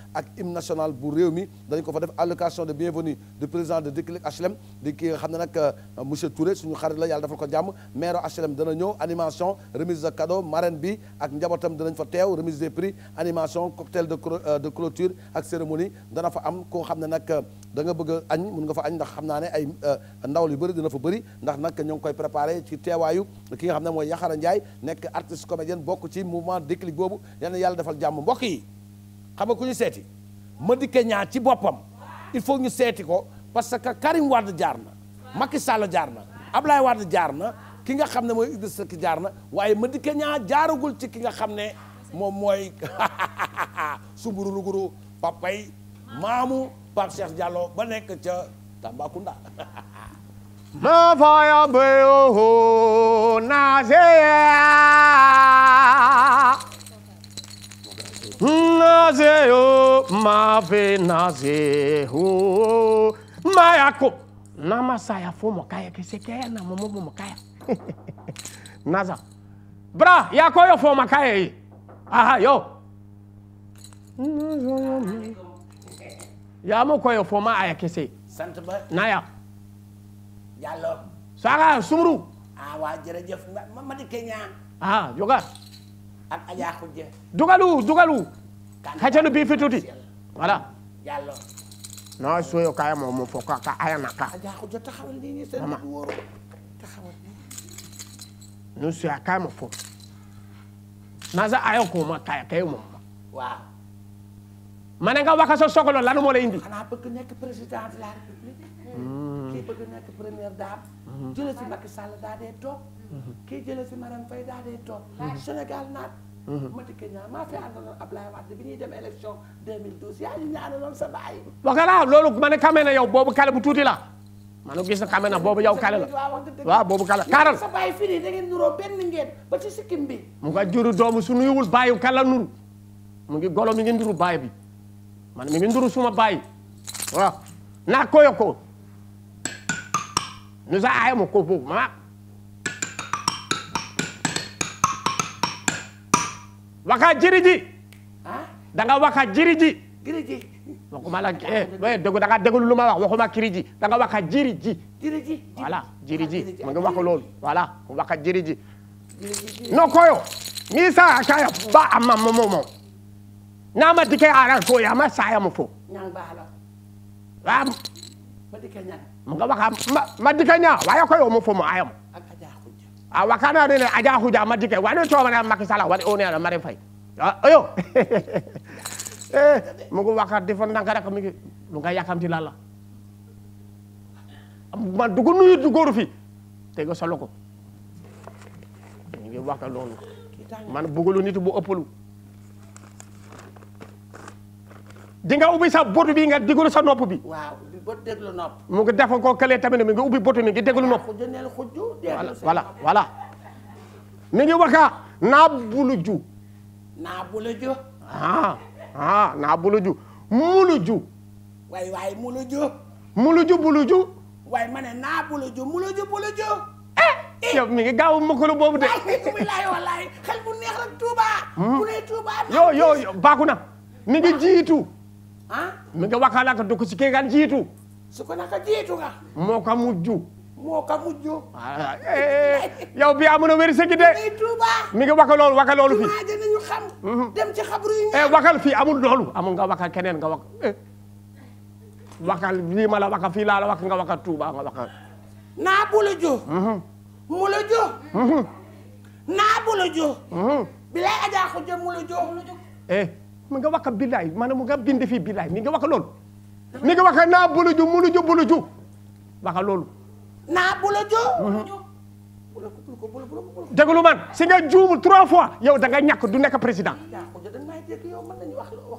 national bu réew mi dañ ko fa def allocation de bienvenue du de Déclic HLM di ki nga xam ne nag euh, monsieur Touré la yàlla ko jàmm maire HLM dana ñëw animation remise de cadeau marraine bi ak njabootam danañ fa teew remise des prix animation cocktail de euh, clôture ak cérémonie dana fa am koo xam ne nag euh, da nga bëgg añ mun nga fa añ ndax xam naa ne ay euh, ndawal yu bëri dina fa bëri ndax nag ñoo ngi koy préparé ci teewaayu ki nga xam ne mooy Yaxara Njaay nekk artiste comédienne bokk ci mouvement déclic boobu yal na yàlla defal jàmm mbokk yi xam nga ku ñu seeti ci boppam il faut ñu seeti ko parce que Karim Wade jaar na Macky Sall jaar na Ablaye Wade jaar na ki nga xam ne mooy Idrissa Seck jaar na waaye Madické Niang jaaragul ki nga xam ne moom mooy <laughs> sumburu luguru papay maamu Pape Cheikh ba nekk ca Tambacounda ma <laughs> faya beyo na seya na seyo ma fe na seyo ma yako na masaya fo mo kaya kese kaya na mo mo mo kaya <laughs> naza bra yako yo fo makaya yi aha yo naza yo yamo koyo foma aya kese sant ba naya jàllo saga sumru a waa dugalu dugalu kacanu bi fituti voilà jàllo no soyo kaya momo ka ka naka Adja Khoudia taxawal ni ni sen du woro taxawal no soya ma ma ne nga wax sa sogolo lan moo lay indi. xanaa bëgg nekk président de la république. Hmm. kii bëgg nekk première dame. Hmm. jëlee si Macky Sall daa dee toog. Hmm. kii jëlee si Marème Faye daa dee toog. Sénégal naat. ma dikkee ñaar maa fi àndaloon Ablaye Wade bi ñuy dem élection 2012 yaa ñu ñaanaloon sa baay. wax nga la loolu ma ne xamee na yow boobu kale bu tuuti la. ma ne gis na xamee na boobu yow kale la waaw boobu kale kaaral. sa baay fii nii da ngeen nuroo benn ngeen ba ci sikkim bi. mu nga juru doomu su nuyuwul bàyyi kala nuru mu ngi golo mi ngi nduru baay bi man mi ngi nduru suma baay waaw na koyo ko nu za ayo mo ko bu ma waka jiriji ah? danga waka jiriji jiriji waxuma la eh, eh dogu danga déglu lu ma wax waxuma kiriji danga waka jiriji jiriji voilà jiriji ma ngi wax loolu voilà waka jiriji no koyo mi akaya ba amma momo na maɗike aran fo ya ma sayamo fo wa mga waka maɗike ña waya koyo mo fo mo ayamo a wakana nene aja huja maɗike waɗo comana makisala waɗi one ana mare fay oyo mugo waka defon dankara ko migi lunga yakamti lalla ma dugu nuyu dugoru fi tego solo ko migi waka loolu man bugulu nit bu ëppalu di nga ubbi sa botu bi nga diglu sa nopp bi. waaw bot déglu nopp. mu ngi def ko kële tamit mi ngi ubbi botu mi ngi déglu nopp. voilà voilà mi ngi waka naa bulu ju. naa bulu ju. ah ah naa waay waay mulu ju. mulu ju bulu ma ne naa bulu ju mulu ju bulu ju. Eh, eh. yow mi ngi gaaw mokkalu boobu de. Hmm? baaku na mi ngi jiitu. Ah? minga wakala ka doko sike kan jiitu sukona ka jiitu nga moo ka mujju moo ka mujju ah, eh, yow bi amuno wér segi de mi ngi waka loolu waka loolu fii dinañu mhm. eh, amul loolu amul nga waka keneen nga eh. laa la waka nga waka Touba nga waka naa bula jo naa mhm. bula bilay ajaa xujja mu la jo mi nga wakka billahi maanaam mu nga binde fii billahi mi nga wakka loolu mi nga wakka naa buluju muluju buluju wakka loolu naa buluju mhm. déglu man si nga juumul trois fois yow danga nga ñàkk du nekk président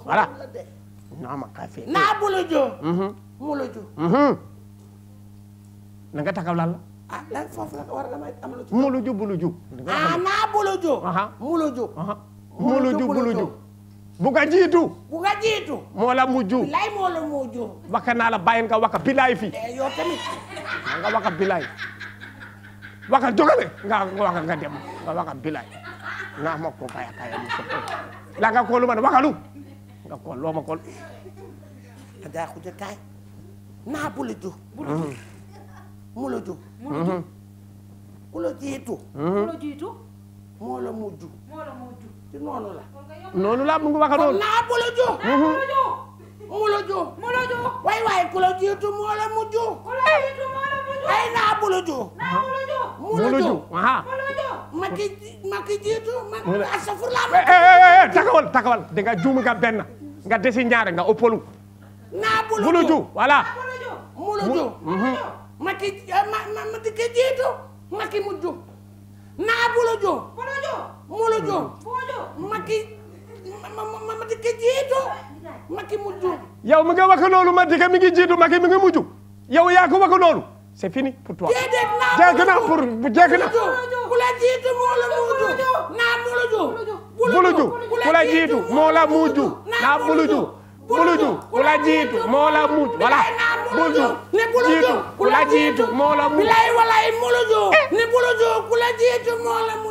voilà naa ma kaa fee naa buluju mhm. muluju mhm. na ah, foofu la a ah, naa buluju muluju muluju buluju bu ka jiitu bu ka moo la mujju bilaay moo la mujju waka naa la bàyyi nga waka bilaay fi eh, yow tamit nga waka bilaay waka jogale nga waka nga dem nga waka bilaay nga ma ko kaya kaya muso la nga koolu man wakalu nga kool loo ma kool ada ku la jiitu ku la jiitu moo la mujju moo noonu la. noonu la mu ngi wax naa bu la joo. mu la joo. mu jiitu moo mu la joo mu la joo. ma ki jiitu ma ki ma naa bu la joo. mu Macky ma ma dikk jiitu Macky mujj. yow mi nga wax loolu ma dikk mi ngi jiitu Macky mi ngi mujj yow yaa ko wax loolu c'est fini pour toi. jiitu moo la mujj ku la jiitu moo la mujj naa buluju. buluju ku la jiitu moo la mujj walay muluju ni buluju ku la jiitu moo la mujj.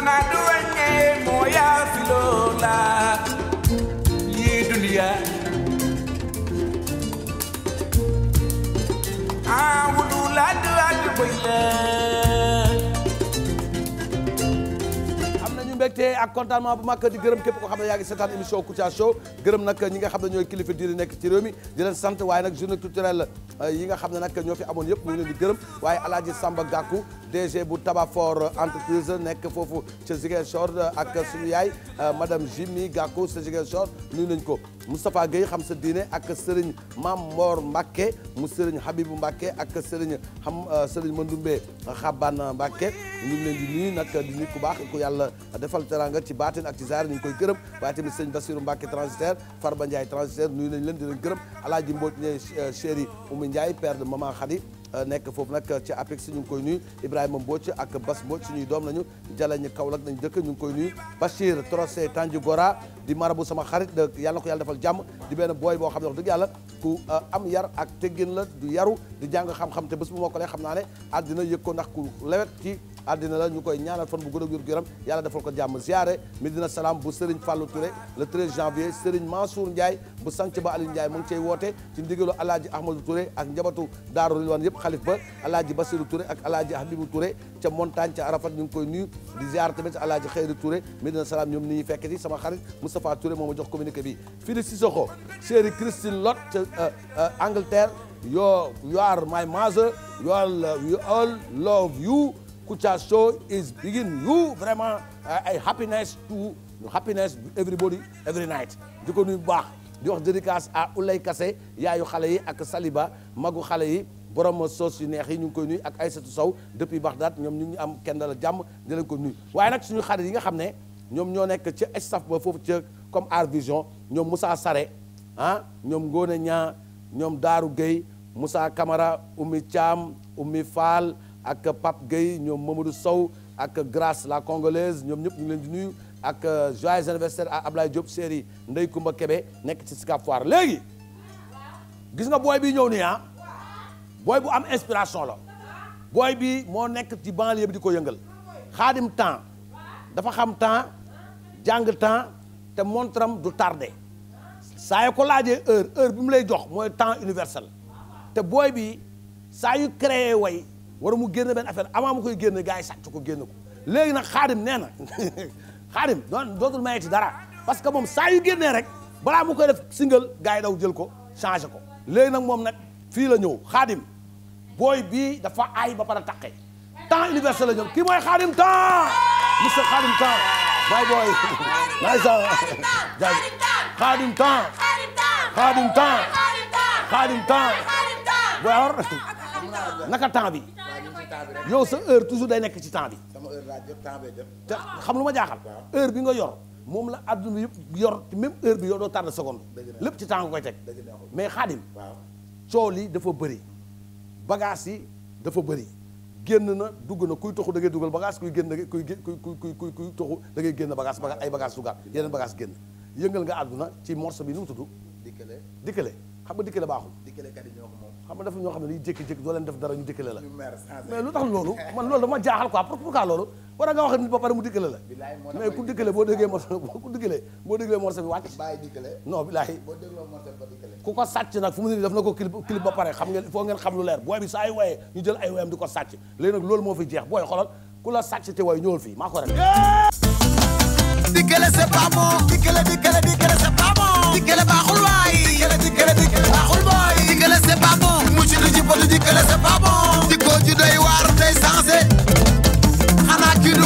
nanadu wenye moya filola ye dunia awulula du adubaila te ak contentement bu mag di gërëm képp ko xam ne yaa ngi seetaan émission Kouthia Show gërëm nag ñi nga xam ne ñooy kilifa diine nekk ci réew mi sant waaye nag journée culturelle euh, yi nga xam ne nag ñoo fi amoon yëpp ñu ngi leen gërëm waaye alaaji Samba Gakou DG bu Tabafor entreprise nekk foofu ca Ziguinchor ak suñu yaay euh, madame Jimmy Gakou ca Ziguinchor nuyu nañ ko Moustapha Gueye xam sa diine ak Serigne Mam Mor mbake mu Serigne Habibou mbake ak Serigne xam euh, Serigne Mandoumbe Xabane Mbacke ñu ngi leen di nuyu nag di nit ku baax ku yàlla defal teranga ci baatin ak ci zaar ñu koy gërëm waaye tamit Serigne Bassirou Mbacke transitaire Farba Ndiaye transitaire nuyu nañ leen di leen gërëm Alaaji Mbodj ne euh, chéri Oumy Ndiaye père de maman Euh, nekk foofu nag euh, ci APEX ñu ngi koy nuyu Ibrahima Mbodj ak Bas Mbodj suñuy doom lañu jalañu Kaolack nañ dëkk ñu ngi koy nuyu Bachir Trosé Tanjigora di marabu sama xarit yàlla na ko yàlla defal jàmm di benn booy boo xam ne wax dëgg yàlla ku euh, am yar ak teggin la du yaru di jàng xam-xam te bés bu moo ko lay xam naa ne àddina yëg ko ndax ku lewet ci àddina la ñu koy ñaanal fan bu gën a wér gu yaram yàlla defal ko jàmm ziare Medina Salaam bu Serigne Fallou Touré le 13 janvier Serigne Mansour Ndiaye bu sànc ba Aliou Ndiaye mu ngi cey woote ci ndigalu alaaji Ahmadou Touré ak njabatu Daaru Rilwaan yëpp xalif ba alaaji Basirou Touré ak alaaji Habibou Touré ca montagne ca Arafat ñu koy nuyu di ziar tamit ci alaaji Xeyri Touré Medina Salaam ñoom ni ñuy fekk ci sama xarit Moustapha Touré moo ma jox communiqué bi fii di Sissoko chérie Christine euh, euh, yo Kouthia Show is bringing you vraiment uh, ay happiness to happiness everybody every night di ko nuyu bu baax di wax dédicace à Oulay Kassé yaayu xale yi ak Saliba magu xale yi borom soos yu neex yi ñu ngi koy nuyu ak ay Aïssatou Sow depuis Bagdad ñoom ñu ngi am kenn dal jàmm di leen ko nuyu waaye nag suñu xarit yi nga xam ne ñoom ñoo nekk ci staff ba foofu ca comme Art Vision ñoom Moussa Sare ah ñoom ngoone Ñaa ñoom Daaru Gueye Moussa Camara Oumy Thiam Oumy Fall ak Pape Gueye ñoom Mamadou Sow ak Grâce la congolaise ñoom ñëpp ñu leen di nuyu ak joyeux anniversaire à Ablaye Diop série Ndey Kumba Kebe nekk ci Sicap Foire léegi gis nga booy bi ñëw nii ah booy bu am inspiration la booy bi moo nekk ci banlieue bi di ko yëngal xaadim temps dafa xam temps jàng temps te montram du tardé saa yu ko laajee heure heure bi mu lay jox mooy temps universel te booy bi saa yu créé way wara mu génne benn affaire avant mu koy génne gars yi sàcc ko génne ko léegi nag xaadim nee na xaadim doon dootul mayeti dara parce que moom saa yu génnee rek balaa mu koy def single gars yi daw jël ko changé ko léegi nag moom nag fii la ñëw xaadim booy bii dafa ay ba para taqe temps universel la ñëw kii mooy xaadim temps monsieur xaadim temps my boy nice xaadim temps xaadim temps xaadim temps naka temps bi yow sa heure toujours day nekk ci temps bi te xam lu ma jaaxal heure bi nga yor moom la adduna yëpp yor même heure bi yow doo tardé seconde lépp ci temps nga koy teg mais xaadim coow li dafa bëri bagage yi dafa bëri génn na dugg na kuy toxu da ngay dugal bagage kuy génn da ngay kuy kuy kuy kuy toxu da ngay génn bagage ay bagage dugaat yeneen bagage génn yëngal nga àdduna ci morceau bi nu mu tudd dikkale dikkale xam nga dikkale baaxul. xam nga dafa ñoo xam ne dañuy jékki-jékki doo leen def dara ñu dikkale la. mais lu tax loolu man loolu dama jaaxal quoi pourquoi loolu war a nga wax nit ba pare mu dikkale la. mais ku ko sàcc nag fu mu ne nii daf na ko clip ba pare foo ngeen xam lu leer booy bi saa yu ñu jël ay woyam di ko sàcc léegi nag loolu moo fi jeex booy xolal ku la sàcc te wooy ñëwal fii maa ko rek dikkale c'est pas dikkale dikkale dikkale c'est pas dikkale baaxul waay dikkale dikkale dikkale baaxul booy dikkale c'est pas bon mucc du ci potu dikkale c'est pas bon dikkoo ju doy waar day sensé xanaa kii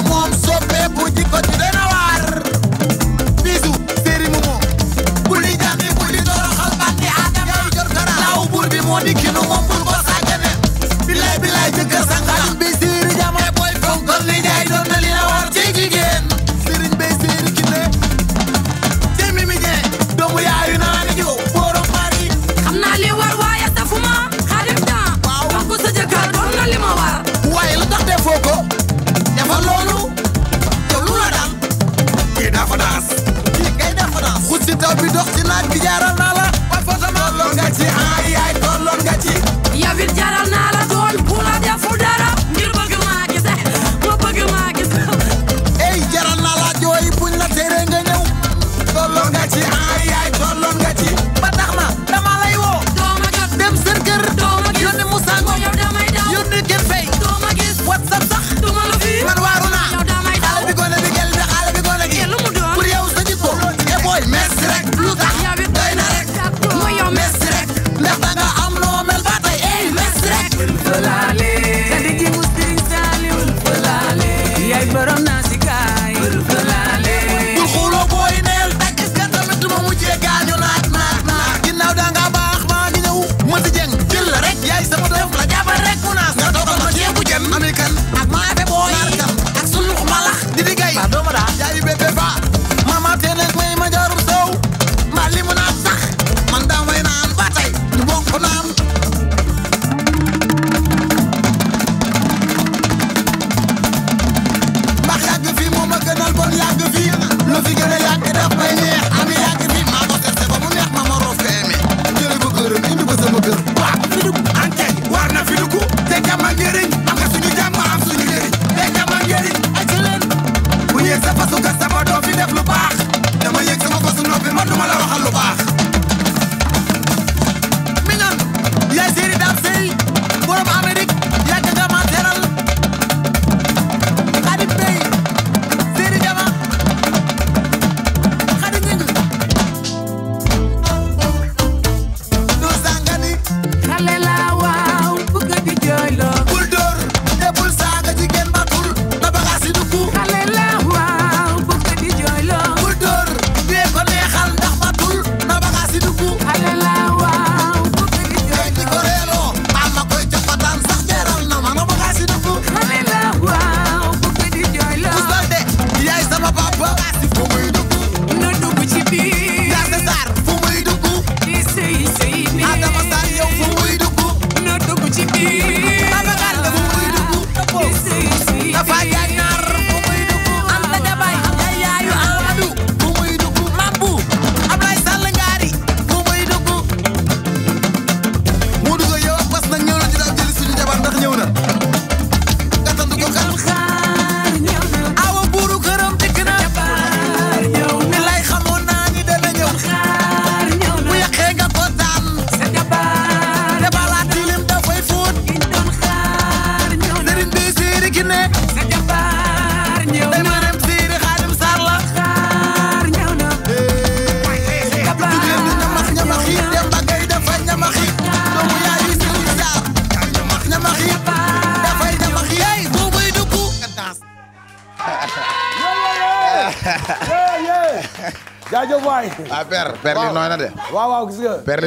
perli nooy na waaw waaw gis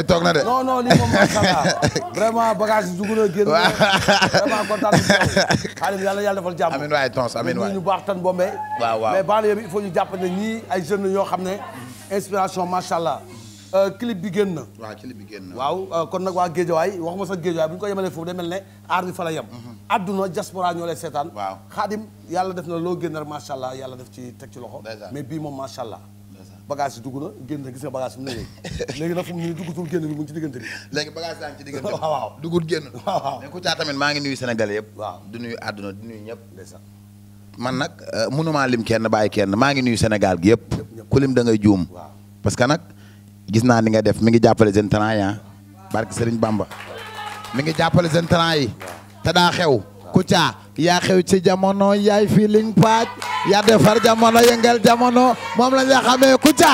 toog na de. non non lii moom macha allah <laughs> vraiment bagage yi dugg na génn na vraiment kontaan nañu si xaalis yàlla yàlla waay tons amiin waay ñu baax tan bombe. ay jeunes yoo xam ne inspiration macha allah. Euh, clip bi génn na. waaw clip bi génn waaw euh, kon nag waa Géejawaay waxuma sax Géejawaay bu ko yemalee foofu day mel ne aar fa la yem. Mhm. adduna diaspora ñoo lay seetaan. waaw xaadim yàlla def na loo génn rek macha allah yàlla def ci teg ci loxo. mais bii moom macha allah. bagage yi dugg na gis nga bagage bi mu léegi léegi nag fu mu ñuy duggutul mu ngi ci diggante léegi bagage daa ngi ci diggante <laughs> waaw génn <laughs> waaw ku caa tamit maa ngi nuyu Sénégalais yëpp waaw du nuyu àdduna du nuyu ñëpp ndeysaan man nag euh, mënumaa lim kenn bàyyi kenn maa ngi nuyu Sénégal gi yëpp ku lim da ngay juum parce que nag gis naa ni nga def mi ngi jàppale seen talent ya ah. barke Serigne Bamba mi ngi jàppale seen talent yi te daa xew Kouthia yaa xew ci jamono yaay feeling paaj yaa defar jamono yëngal jamono moom la ñu xamee Kouthia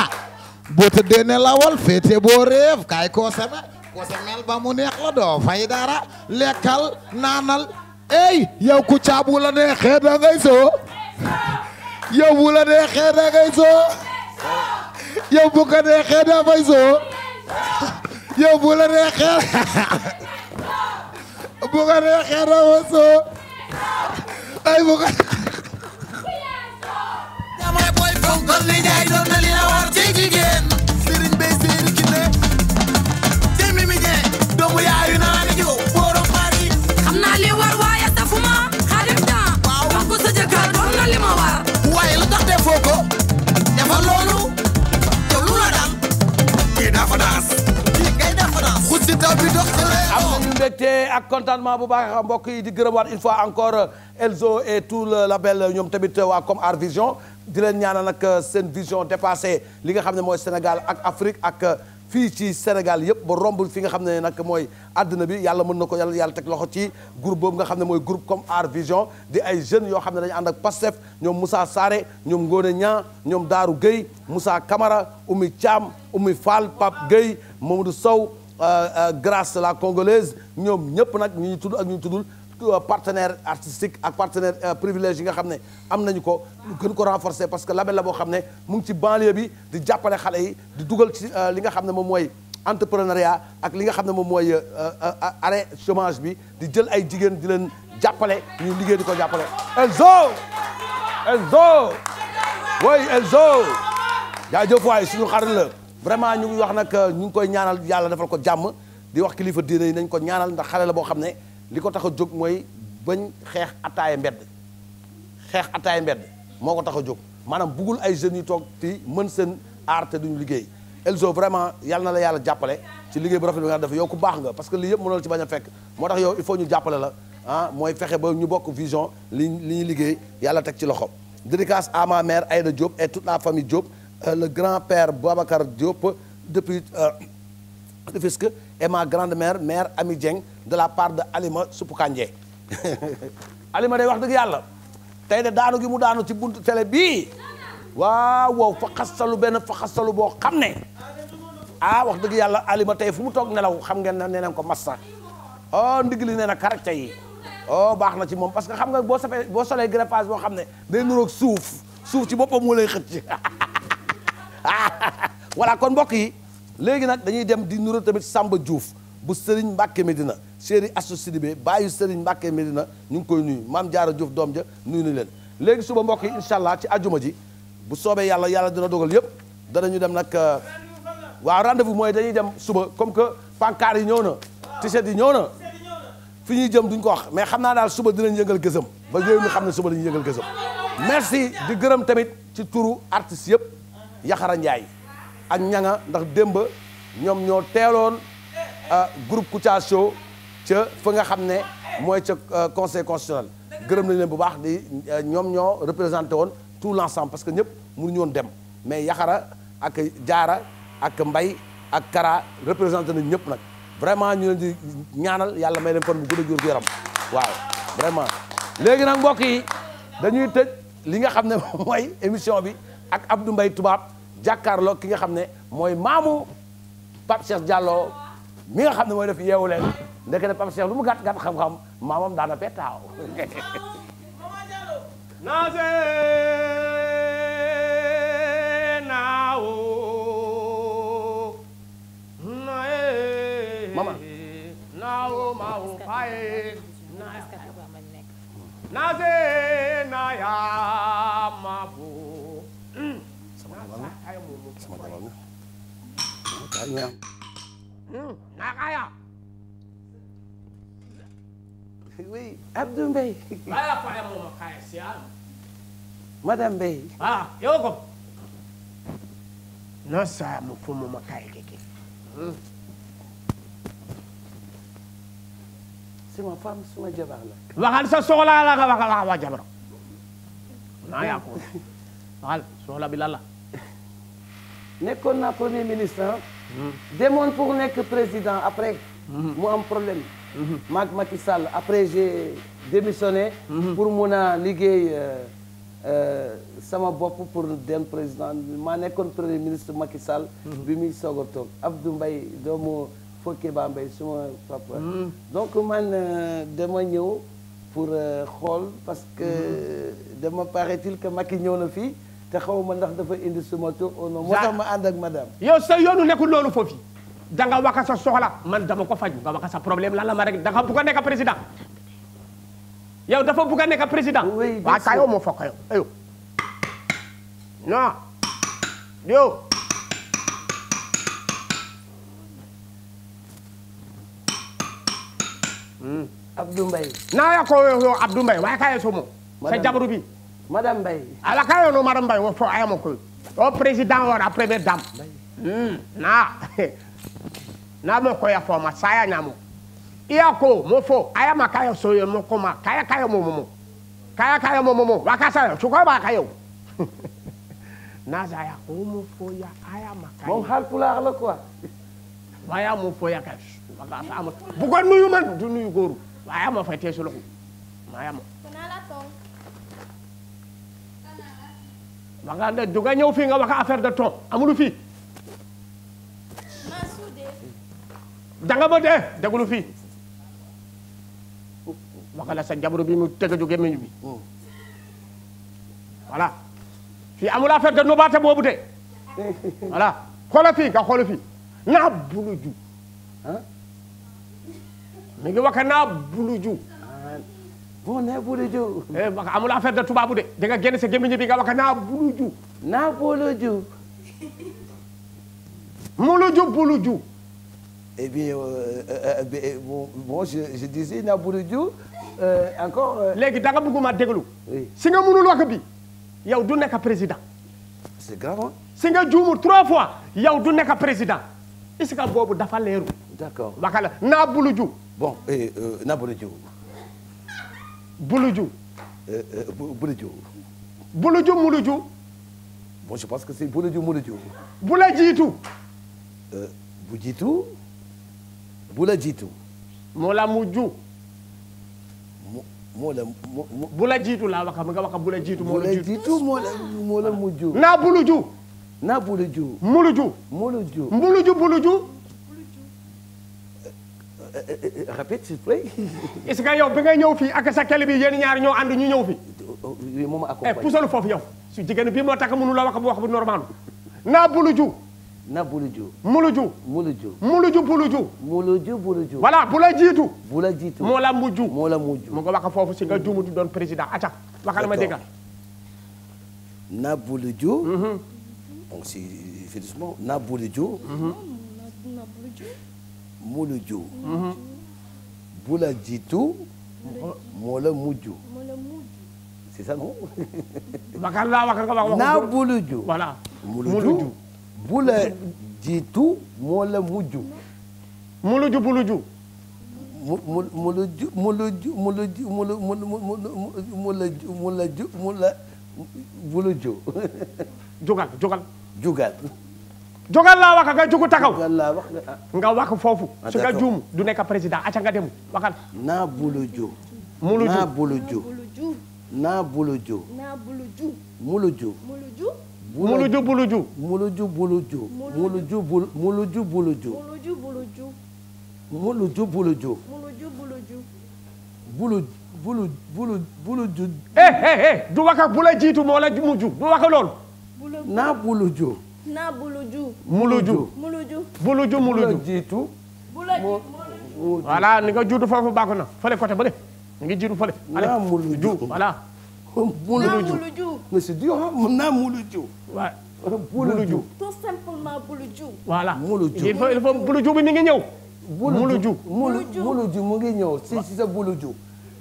boo tëddee ne boo réef kaay koo seme koo ba mu neex la doo fay dara lekkal naanal ey yow Kouthia bu la neexee ngay soo yow bu la neexee ngay soo yow bu ko neexee fay soo yow bu la neexee <laughs> bu ko neexee rawa soo ay bu ko damay boy fonkal ni jaay doon na li la war ci jigéen sëriñ bay seeni kinde te mimi jee doomu yaayu naa ni jiw borom mari xam naa li war waaye safuma xarit naa wax ko sa jëkkër doon na li ma war waaye lu tax defoo ko dafa loolu yow lu la dal kii dafa daas kii kay dafa daas xusi taw bi dox sa mbégte ak contentement bu baax yi di gërëmaat une fois encore Elzo et tout le label ñoom tamit waa comme Art Vision ñaanal nag seen vision dépassé li nga xam ne mooy Sénégal ak Afrique ak fii ci Sénégal yëpp ba rombul fi nga xam ne nag mooy àdduna bi yàlla mën na ko yàlla yàlla teg loxo ci groupe boobu nga xam ne mooy groupe comme Art Vision di ay jeunes yoo xam ne dañu ànd ak Pastef ñoom Moussa Saré ñoom Ngone ñaa ñoom Daaru Gueye Moussa Camara Oumy Thiam Oumy Fall Pape moom Mamadou Sow Euh, euh, grace la congolaise ñoom ñëpp nag ñu tudd ak ñu tuddul euh, partenaire artistique ak partenaire privilège yi nga xam ne am nañu ko gën ko renforcer parce que label la boo xam ne mu ngi ci banlieue bi di jàppale xale yi di dugal ci li nga xam ne moom mooy entrepreneuriat ak li nga xam ne moom mooy arrêt chômage bi di jël ay jigéen di leen jàppale ñu liggéey di ko jàppale Elzo Elzo way Elzo jaajëf waay suñu xarit la vraiment ñu ngi wax nag euh, ñu ngi koy ñaanal yàlla defal ko jàmm di wax kilifa diine yi nañ ko ñaanal ndax xale la boo xam ne li ko tax a jóg mooy bañ xeex ataaya mbedd xeex ataaya mbedd moo ko tax a jóg maanaam bugul ay jeunes yu toog ti mën seen aar te duñu liggéey Elzo vraiment yàlla na la yàlla jàppale ci liggéey bu rafet bi nga def yow ku baax nga parce que lii yëpp mënul ci bañ a fekk moo tax yow il faut ñu jàppale la ah mooy fexe ba ñu bokk vision li li ñuy liggéey yàlla teg ci loxo dédicace à ma mère Aïda Diop et toute la famille Diop Euh, le grand-père Babacar Diop depuis euh, Rufisque et ma grande-mère maire Ami jeng de la part de Alima kànjee <laughs> Alima day wax dëgg yàlla tey de daanu gi mu daanu ci buntu télé bii waaw wow fa xastalu benn fa xastalu boo xam ne ah wax dëgg yàlla Alima tey fu mu toog nelaw xam ngeen ne nee nañ ko massa oh ndigli nee na caractère yi oh baax na ci moom parce que xam nga boo safee boo solee greffage boo xam ne day nuroog suuf suuf ci boppam moo lay xëcc <laughs> <laughs> voilà kon mbokk yi léegi nag dañuy dem di nuro tamit Samba Diouf bu Serigne Mbacke Medina chéri Astou Sidibé bàyyi Serigne Mbacke Medina ñu ngi koy nuyu Maam Jaara Diouf doom ja nuyu nañ leen léegi suba mbokk yi incha allah ci ajuma ji bu soobee yàlla yàlla dina dogal yëpp danañu dem nag euh, waa rendez-vous mooy dañuy dem suba comme que pancart yi ñëw na t-shirt yi ñëw na fi ñuy jëm duñ ko wax mais xam naa daal suba dinañ yëngal gësëm ba yooyu ñu xam ne suba dañuy yëngal gësëm merci di gërëm tamit ci turu artistes yëpp Yaxara Ndiaye ak ñanga ndax démba ñoom ñoo teeloon euh, groupe Kouthia ca fa nga xam ne mooy ca euh, conseil constitutionnel gërëm nañ leen bu baax di euh, ñoom ñoo représenté woon tout l'ensemble parce que ñëpp mënuñu woon dem mais Yaxara ak Jaara ak Mbay ak Kara représenté nañ ñëpp nag vraiment ñu ne di ñaanal yàlla may leen fan bu gën jur gu yaram waaw vraiment léegi nag mbokk yi dañuy tëj li nga xam ne <laughs> mooy émission bi ak Abdou Mbaye tubaab jàkkaarloo ki nga xam ne mooy maamu Pape Cheikh Diallo mi nga xam ne mooy def yeewu leen ndeke ne Pape Cheikh lu mu gàtt gàtt xam-xam maamam daana petaaw <laughs> смотрела, да? Вот она. Hmm, Nakaya. Oui, Abdou Mbaye. Bala faero kaya siya. Madame Mbaye. Ah, yoko. Nasa mfumo makaya kiki. Hmm. Suma femme suma jabar la. Waxal sa soxla la nga waxal wa jabar. Na ya ko. Waxal soxla bi la la. nekkoon naa premier ministre ah. hmm. demoon pour nekk président après hmm. mu am problème hmm. maag Macky Sall après j'ai démissionné pour mun a liggéey euh, euh, sama bopp pour dem président maa nekkoon premier ministre Macky Sall bi muy soog a toog Abdou Mbaye doomu Fokke Ba Mbaye suma papa donc man euh, dama ñëw pour xool parce que dama paraît-il que Macky ñëw na fii te xaw ma ndax dafa indi suma tur au nom moo tax ma ànd ak madame sa yoonu nekkul loolu foofu da nga soxla man dama ko faju nga wax sa problème la ma rek da nga bugg a nekk président dafa bugg a nekk président waa kayo moo fokk yow ayo non yow hmm. Abdou Mbaye naa ya waaye kayo so moom sa jabaru bi madame Mbaye alaka yono wo fo ayamo koy o président wona première dame mm, na <laughs> namo koya foma saya ñamo iya ko fo ayama kayo soyo mo koma kaya kayo momomo kaya kayo momomo ba kayo <laughs> nazaya ko mo foya ayama kayo moom halpulaar la quoi waya mo foya kayo nuyu man du nuyu góoru waya mo fay teesu loxu wax nga ne du nga ñëw fii nga wax affaire de ton amulu fi danga ba dee déglu fii. waxala sa jabaru bi mu tëgg ju gémmiñ bi voilà fii amul affaire da nobaate boobu de voilà xoola fii nga xoola fii naa bulu mi ngi wax naa bulu bon naa boolojo. eh amul affaire de tubaabu de dinga nga génn sa gémmiñ bi nga wax naa buluju. naa boolojo. muluju buluju. eh bien e je je disais naa boolojo encore. léegi danga nga bëgguma déglu. si nga mënul wax bi yow du nekk président. c'est grave si nga juumul trois fois yow du nekk président est-ce boobu dafa leeru. d'accord wax la naa buluju. bon eh, naa boolojo. Bouloudjou. Eh, eh, Bouloudjou. Bouloudjou Mouloudjou. bon je pense que c'est Bouloudjou Mouloudjou. bu la jiitu. Eh, bu jiitu. bu la jiitu. moo la mu moo la mu mu. bu la jiitu laa wax nga wax bu la jiitu. moo la jiitu moo la moo la mujju. naa Bouloudjou. naa Bouloudjou. Mouloudjou. Euh, euh, euh, répète s'il vous plaît. <laughs> est-ce que yow bi ngay ñëw fii ak sa kele bi yéen ñaar ñoo ànd ñu ñëw fii. oui moom eh, accompagné pusalu foofu yow. su jigéen bi moo tax mënu la wax wax bu normal naa buluju. na buluju. muluju. muluju. muluju buluju. muluju buluju. voilà bu la jiitu. bu la jiitu moo la mujju. moo la mujju mu nga wax foofu si nga juumutu doon président acca waxal ma dégg na buluju. Mhm. donc si effectivement na buluju. Mhm. muluju mm-hmm. bu la jiitu moo c'est ça non. wakar buluju. voilà muluju bu la jiitu moo la mujju. muluju buluju. mu mu muluju muluju muluju mulu mulu muluju muluju mula buluju. jugal jugal. jugal. jogal laa wax nga jugu takaw nga wax foofu su nga juum du nekk président a nga dem waxal naa bulu ju mulu ju naa bulu ju naa bulu ju naa bulu ju mulu du wax ak jiitu moo la du wax loolu naa bulu naa buluju. muluju muluju. buluju muluju jiitu. voilà ni nga juutu foofu baax na fële côté ba de ni nga jiitu fële. naa muluju voilà. muluju monsieur Diop naa muluju. waaw buluju. tout simplement buluju. voilà il faut il faut buluju bi mi ngi ñëw. muluju muluju muluju mu ngi ñëw si si sa buluju.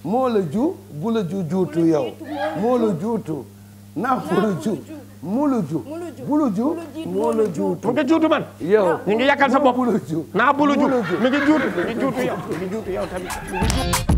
moo la ju buluju juutu yow. moo la juutu naa muluju. Muluju. Muluju Muluju. mu ngi juutu man. yow ñu ngi yàkkal sa bopp. Muluju naa Muluju mi ngi juutu mi ngi juutu yow mi ngi juutu yow tamit.